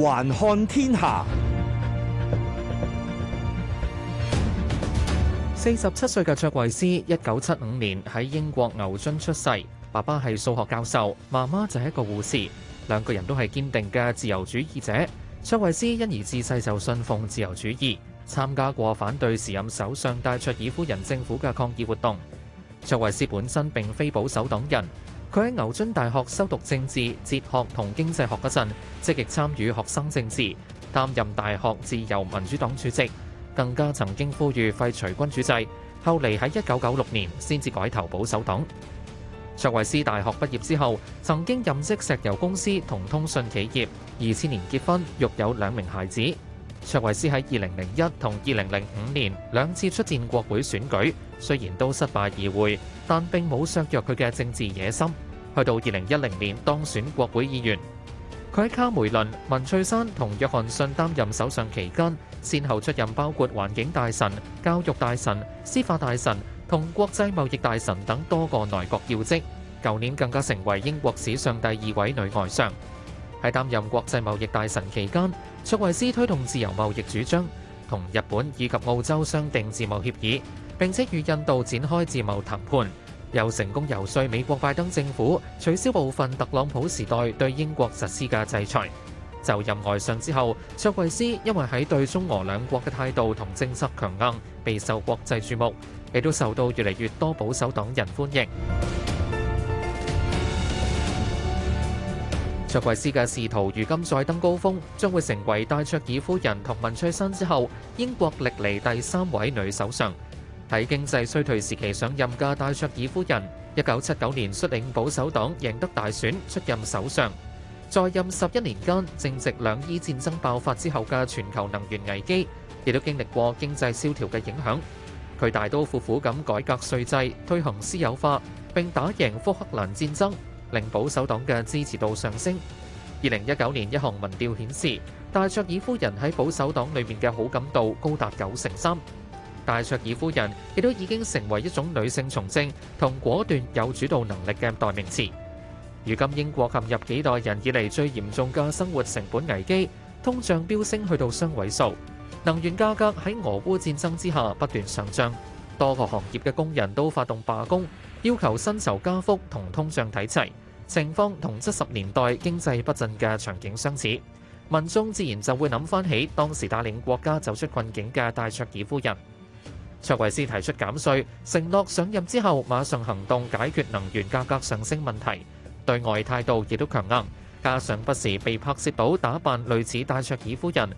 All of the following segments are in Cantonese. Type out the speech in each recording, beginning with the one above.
環看天下。四十七歲嘅卓慧思，一九七五年喺英國牛津出世，爸爸係數學教授，媽媽就係一個護士，兩個人都係堅定嘅自由主義者。卓慧思因而自細就信奉自由主義，參加過反對時任首相戴卓爾夫人政府嘅抗議活動。卓慧思本身並非保守黨人。佢喺牛津大學修讀政治、哲學同經濟學嗰陣，積極參與學生政治，擔任大學自由民主黨主席，更加曾經呼籲廢除君主制，後嚟喺一九九六年先至改投保守黨。卓慧思大學畢業之後，曾經任職石油公司同通訊企業。二千年結婚，育有兩名孩子。卓慧思喺二零零一同二零零五年兩次出戰國會選舉，雖然都失敗而回，但並冇削弱佢嘅政治野心。去到二零一零年當選國會議員，佢喺卡梅倫、文翠珊同約翰遜擔任首相期間，先後出任包括環境大臣、教育大臣、司法大臣同國際貿易大臣等多個內閣要職。舊年更加成為英國史上第二位女外相。喺擔任國際貿易大臣期間，卓慧思推動自由貿易主張，同日本以及澳洲商定自貿協議，並且與印度展開自貿談判。又成功遊說美國拜登政府取消部分特朗普時代對英國實施嘅制裁。就任外相之後，卓慧思因為喺對中俄兩國嘅態度同政策強硬，備受國際注目，亦都受到越嚟越多保守黨人歡迎。 卓慧思嘅仕途如今再登高峰，將會成為戴卓爾夫人同文翠珊之後，英國歷嚟第三位女首相。喺經濟衰退時期上任嘅戴卓爾夫人，一九七九年率領保守黨贏得大選，出任首相。在任十一年間，正值兩伊戰爭爆發之後嘅全球能源危機，亦都經歷過經濟蕭條嘅影響。佢大刀闊斧咁改革稅制，推行私有化，並打贏福克蘭戰爭，令保守黨嘅支持度上升。二零一九年，一項民調顯示，戴卓爾夫人喺保守黨裏面嘅好感度高達九成三。戴卓爾夫人亦都已經成為一種女性從政同果斷有主導能力嘅代名詞。如今英國陷入幾代人以嚟最嚴重嘅生活成本危機，通脹飆升去到雙位數，能源價格喺俄烏戰爭之下不斷上漲，多個行業嘅工人都發動罷工，要求薪酬加幅同通脹睇齊，情況同七十年代經濟不振嘅場景相似，民眾自然就會諗返起當時帶領國家走出困境嘅戴卓爾夫人。卓慧思提出減稅，承諾上任之後馬上行動解決能源價格上升問題。對外態度亦都強硬，加上不時被拍攝到打扮類似戴卓爾夫人，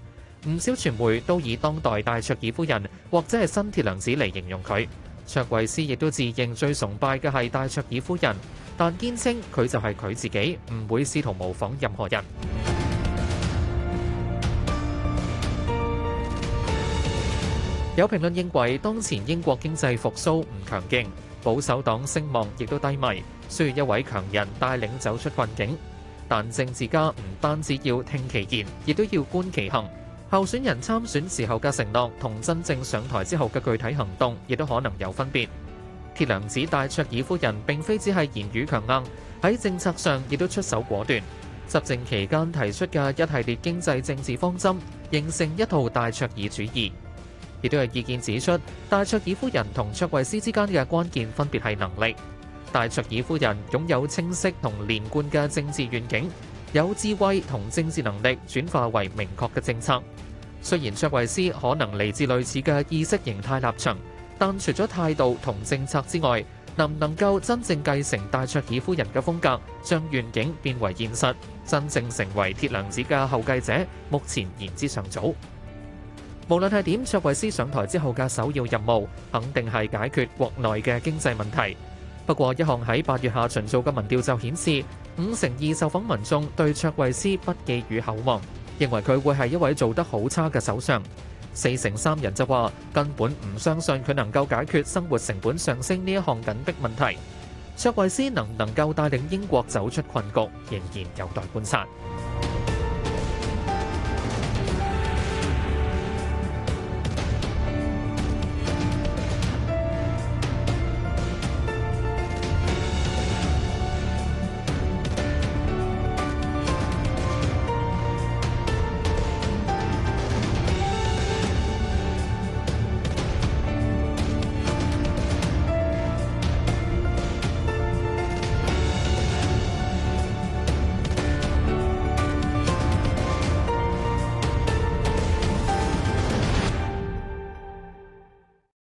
唔少傳媒都以當代戴卓爾夫人或者係新鐵娘子嚟形容佢。卓慧思亦都自認最崇拜嘅係戴卓爾夫人，但堅稱佢就係佢自己，唔會試圖模仿任何人。有評論認為，當前英國經濟復甦唔強勁，保守黨聲望亦都低迷。需要一位強人帶領走出困境，但政治家唔單止要聽其言，亦都要觀其行。候選人參選時候嘅承諾同真正上台之後嘅具體行動，亦都可能有分別。鐵娘子戴卓爾夫人並非只係言語強硬，喺政策上亦都出手果斷。執政期間提出嘅一系列經濟政治方針，形成一套戴卓爾主義。亦都有意見指出，戴卓爾夫人同卓慧思之間嘅關鍵分別係能力。戴卓爾夫人擁有清晰同連貫嘅政治願景，有智慧同政治能力轉化為明確嘅政策。雖然卓慧思可能嚟自類似嘅意識形態立場，但除咗態度同政策之外，能唔能夠真正繼承戴卓爾夫人嘅風格，將願景變為現實，真正成為鐵娘子嘅後繼者，目前言之尚早。無論係點，卓慧思上台之後嘅首要任務，肯定係解決國內嘅經濟問題。不過，一項喺八月下旬做嘅民調就顯示，五成二受訪民眾對卓慧思不寄予厚望，認為佢會係一位做得好差嘅首相。四成三人就話根本唔相信佢能夠解決生活成本上升呢一項緊迫問題。卓慧思能唔能夠帶領英國走出困局，仍然有待觀察。